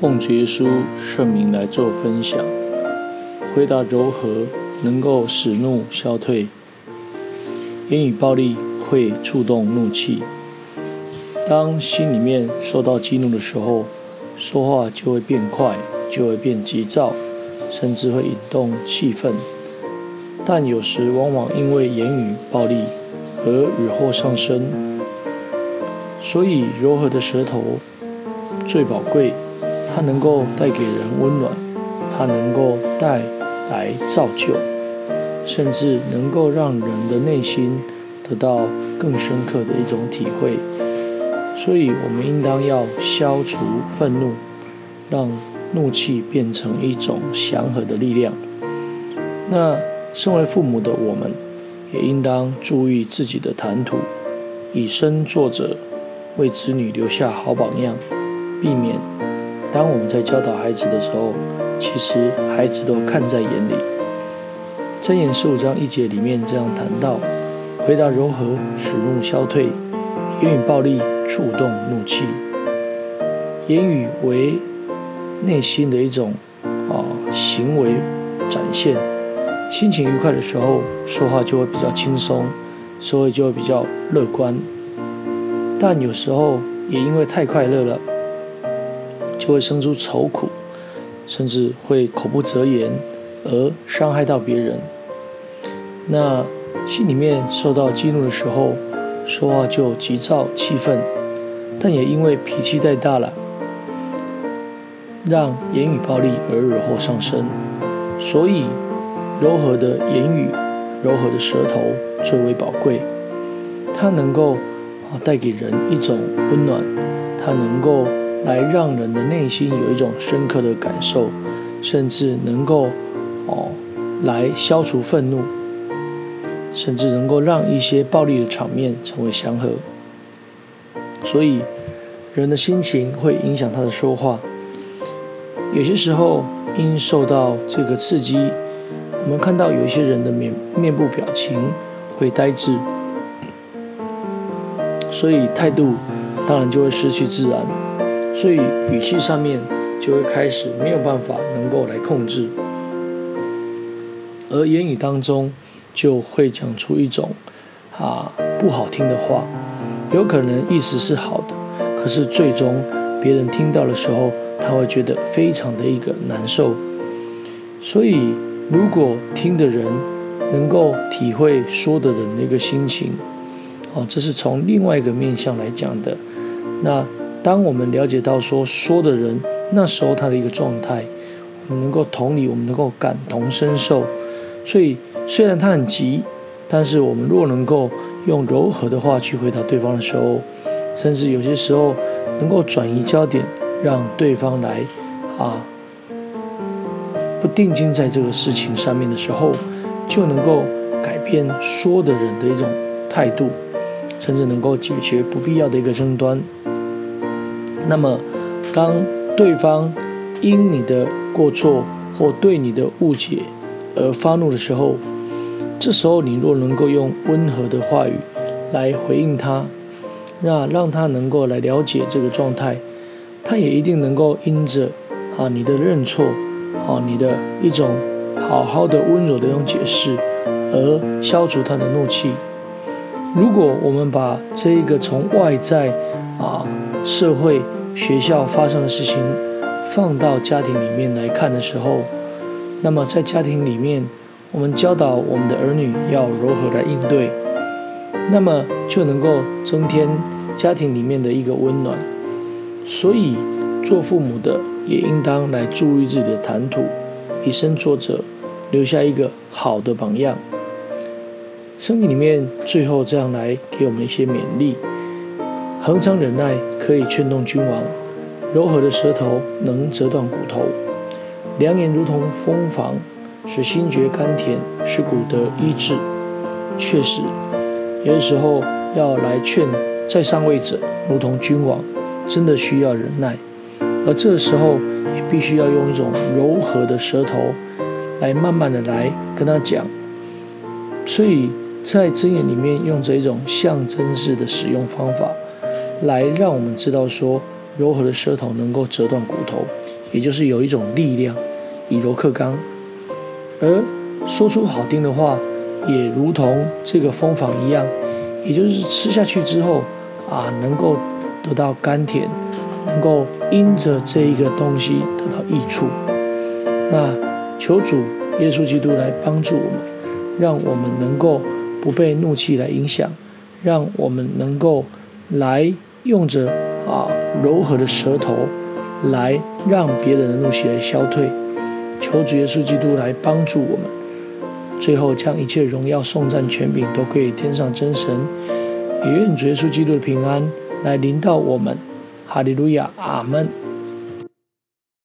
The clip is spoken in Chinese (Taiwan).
奉耶穌聖名來做分享，回答柔和能夠使怒消退。言語暴戾會觸動怒氣，當心裡面受到激怒的時候，說話就會變快，就會變急躁，甚至會引動氣憤。但有時往往因為言語暴戾而惹禍上身，所以柔和的舌頭最寶貴。它能夠帶給人溫暖，它能夠帶來造就，甚至能夠讓人的內心得到更深刻的一種體會。所以，我們應當要消除憤怒，讓怒氣變成一種祥和的力量。那身為父母的我們，也應當注意自己的談吐，以身作則，為子女留下好榜樣，避免。當我們在教導孩子的時候，其實孩子都看在眼裡。箴言十五章一節裡面這樣談到：回答柔和使怒消退；言語暴戾，觸動怒氣。言語為內心的一種啊、呃、行為展現。心情愉快的時候，說話就會比較輕鬆，所以就會比較樂觀。但有時候也因為太快樂了。就會生出愁苦，甚至會口不擇言而傷害到別人。那心裡面受到激怒的時候，說話就急躁氣憤，但也因為脾氣太大了，讓言語暴力而惹禍上身。所以，柔和的言語、柔和的舌頭最為寶貴，它能夠啊帶給人一種溫暖，它能夠。來讓人的內心有一種深刻的感受，甚至能夠哦，來消除憤怒，甚至能夠讓一些暴力的場面成為祥和。所以，人的心情會影響他的說話。有些時候因受到這個刺激，我們看到有一些人的面面部表情會呆滯，所以態度當然就會失去自然。所以語氣上面就會開始沒有辦法能夠來控制，而言語當中就會講出一種啊不好聽的話，有可能意思是好的，可是最終別人聽到的時候，他會覺得非常的一個難受。所以如果聽的人能夠體會說的人的那個心情，啊，這是從另外一個面向來講的，那。當我們了解到說說的人那時候他的一個狀態，我們能夠同理，我們能夠感同身受。所以雖然他很急，但是我們若能夠用柔和的話去回答對方的時候，甚至有些時候能夠轉移焦點，讓對方來啊，不定睛在這個事情上面的時候，就能夠改變說的人的一種態度，甚至能夠解決不必要的一個爭端。那麼，當對方因你的過錯或對你的誤解而發怒的時候，這時候你若能夠用溫和的話語來回應他，那讓，讓他能夠來了解這個狀態，他也一定能夠因着啊你的認錯，啊你的一種好好的溫柔的一種解釋，而消除他的怒氣。如果我們把這個從外在啊社會，學校發生的事情，放到家庭裡面來看的時候，那麼在家庭裡面，我們教導我們的兒女要如何來應對，那麼就能夠增添家庭裡面的一個溫暖。所以，做父母的也應當來注意自己的談吐，以身作則，留下一個好的榜樣。聖經裡面最後這樣來給我們一些勉勵：恆常忍耐，可以勸動君王，柔和的舌頭能折斷骨頭，良言如同蜂房，使心覺甘甜，使骨得醫治。確實，有的時候要來勸在上位者，如同君王，真的需要忍耐，而這時候也必須要用一種柔和的舌頭來慢慢的來跟他講。所以在箴言裡面用這一種象徵式的使用方法。來讓我們知道說，柔和的舌頭能夠折斷骨頭，也就是有一種力量，以柔克剛。而說出好聽的話，也如同這個蜂房一樣，也就是吃下去之後啊，能夠得到甘甜，能夠因着這一個東西得到益處。那求主耶穌基督來幫助我們，讓我們能夠不被怒氣來影響，讓我們能夠來。用着啊，柔和的舌頭，來讓別人的怒氣來消退，求主耶穌基督來幫助我們，最後將一切榮耀頌讚權柄都歸於天上真神，也願主耶穌基督的平安來臨到我們，哈利路亞，阿門。